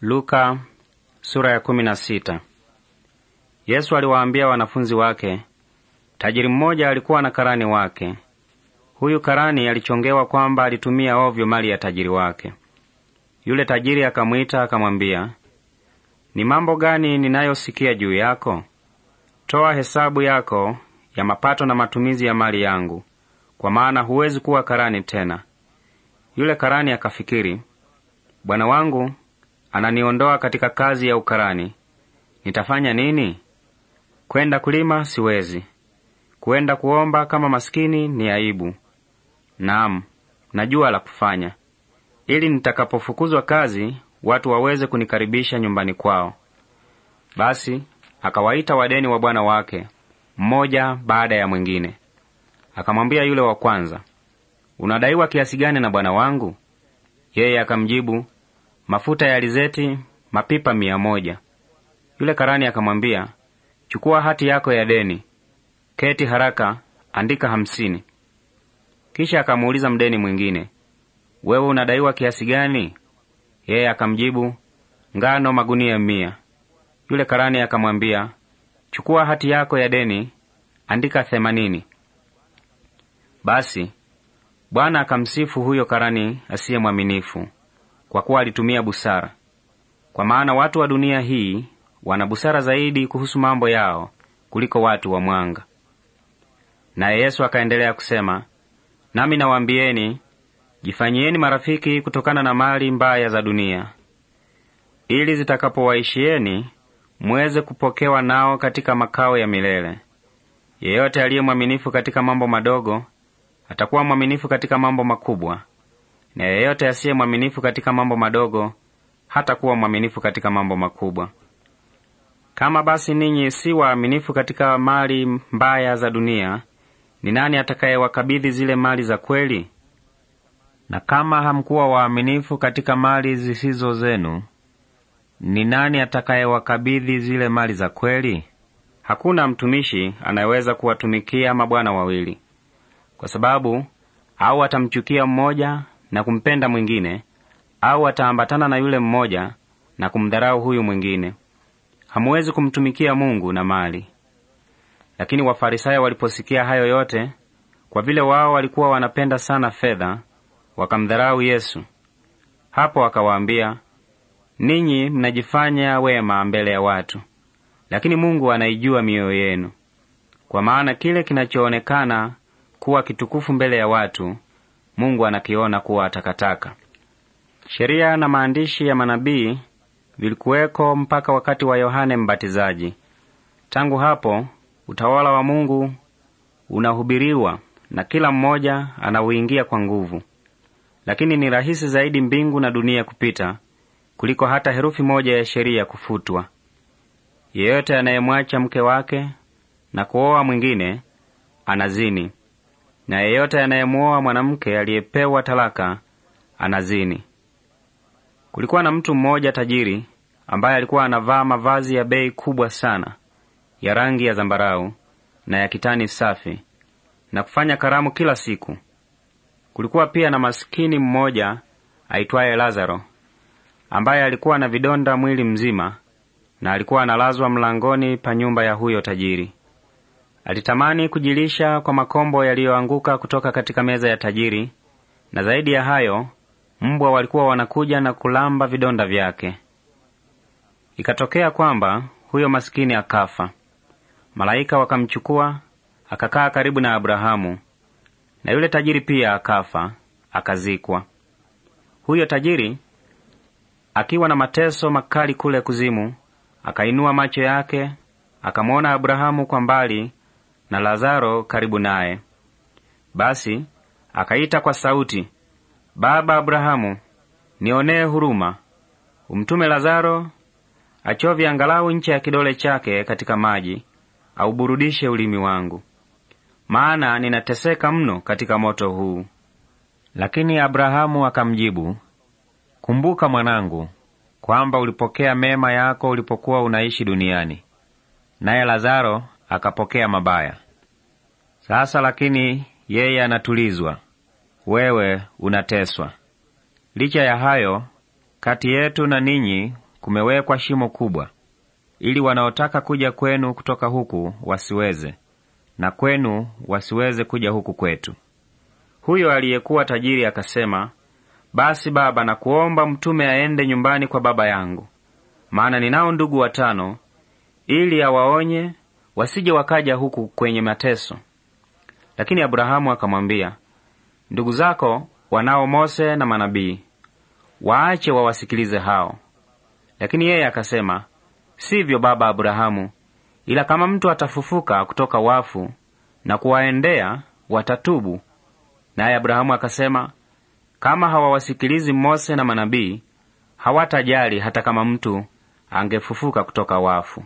Luka, sura ya kumi na sita. Yesu aliwaambia wanafunzi wake, tajiri mmoja alikuwa na karani wake. Huyu karani alichongewa kwamba alitumia ovyo mali ya tajiri wake. Yule tajiri akamwita akamwambia, ni mambo gani ninayosikia juu yako? Toa hesabu yako ya mapato na matumizi ya mali yangu, kwa maana huwezi kuwa karani tena. Yule karani akafikiri, bwana wangu ananiondoa katika kazi ya ukarani. Nitafanya nini? Kwenda kulima siwezi, kuenda kuomba kama maskini ni aibu. Naam, najua la kufanya, ili nitakapofukuzwa kazi watu waweze kunikaribisha nyumbani kwao. Basi akawaita wadeni wa bwana wake mmoja baada ya mwingine. Akamwambia yule wa kwanza, unadaiwa kiasi gani na bwana wangu? Yeye akamjibu, mafuta ya alizeti mapipa mia moja. Yule karani akamwambia, chukua hati yako ya deni, keti haraka, andika hamsini. Kisha akamuuliza mdeni mwingine, wewe unadaiwa kiasi gani? Yeye akamjibu, ngano magunia mia. Yule karani akamwambia, chukua hati yako ya deni, andika themanini. Basi bwana akamsifu huyo karani asiye mwaminifu kwa kuwa alitumia busara, kwa maana watu wa dunia hii wana busara zaidi kuhusu mambo yao kuliko watu wa mwanga. Naye Yesu akaendelea kusema, nami nawaambieni, jifanyieni marafiki kutokana na mali mbaya za dunia, ili zitakapowaishieni muweze kupokewa nao katika makao ya milele. Yeyote aliye mwaminifu katika mambo madogo atakuwa mwaminifu katika mambo makubwa, na yeyote asiye mwaminifu katika mambo madogo hata kuwa mwaminifu katika mambo makubwa. Kama basi ninyi si waaminifu katika mali mbaya za dunia, ni nani atakayewakabidhi zile mali za kweli? Na kama hamkuwa waaminifu katika mali zisizo zenu, ni nani atakayewakabidhi zile mali za kweli? Hakuna mtumishi anayeweza kuwatumikia mabwana wawili, kwa sababu au atamchukia mmoja na kumpenda mwingine, au ataambatana na yule mmoja na kumdharau huyu mwingine. Hamuwezi kumtumikia Mungu na mali. Lakini Wafarisayo waliposikia hayo yote, kwa vile wao walikuwa wanapenda sana fedha, wakamdharau Yesu. Hapo akawaambia, ninyi mnajifanya wema mbele ya watu, lakini Mungu anaijua mioyo yenu, kwa maana kile kinachoonekana kuwa kitukufu mbele ya watu Mungu anakiona kuwa takataka. Sheria na maandishi ya manabii vilikuweko mpaka wakati wa Yohane Mbatizaji. Tangu hapo utawala wa Mungu unahubiriwa na kila mmoja anauingia kwa nguvu. Lakini ni rahisi zaidi mbingu na dunia kupita kuliko hata herufi moja ya sheria kufutwa. Yeyote anayemwacha mke wake na kuoa mwingine anazini, na yeyote anayemwoa mwanamke aliyepewa talaka anazini. Kulikuwa na mtu mmoja tajiri ambaye alikuwa anavaa mavazi ya bei kubwa sana ya rangi ya zambarau na ya kitani safi na kufanya karamu kila siku. Kulikuwa pia na masikini mmoja aitwaye Lazaro ambaye alikuwa na vidonda mwili mzima na alikuwa analazwa mlangoni pa nyumba ya huyo tajiri. Alitamani kujilisha kwa makombo yaliyoanguka kutoka katika meza ya tajiri, na zaidi ya hayo, mbwa walikuwa wanakuja na kulamba vidonda vyake. Ikatokea kwamba huyo masikini akafa. Malaika wakamchukua akakaa karibu na Abrahamu, na yule tajiri pia akafa, akazikwa. Huyo tajiri akiwa na mateso makali kule kuzimu, akainua macho yake akamwona Abrahamu kwa mbali na Lazaro karibu naye. Basi akaita kwa sauti, Baba Abrahamu, nionee huruma, umtume Lazaro achovye angalau ncha ya kidole chake katika maji, auburudishe ulimi wangu, maana ninateseka mno katika moto huu. Lakini Abrahamu akamjibu, kumbuka mwanangu, kwamba ulipokea mema yako ulipokuwa unaishi duniani, naye Lazaro akapokea mabaya. Sasa lakini yeye anatulizwa, wewe unateswa. Licha ya hayo, kati yetu na ninyi kumewekwa shimo kubwa, ili wanaotaka kuja kwenu kutoka huku wasiweze, na kwenu wasiweze kuja huku kwetu. Huyo aliyekuwa tajiri akasema, basi baba, nakuomba mtume aende nyumbani kwa baba yangu, maana ninao ndugu watano, ili awaonye wasije wakaja huku kwenye mateso. Lakini Abrahamu akamwambia, ndugu zako wanao Mose na manabii, waache wawasikilize hao. Lakini yeye akasema, sivyo, baba Abrahamu, ila kama mtu atafufuka kutoka wafu na kuwaendea, watatubu. Naye Abrahamu akasema, kama hawawasikilizi Mose na manabii, hawatajali hata kama mtu angefufuka kutoka wafu.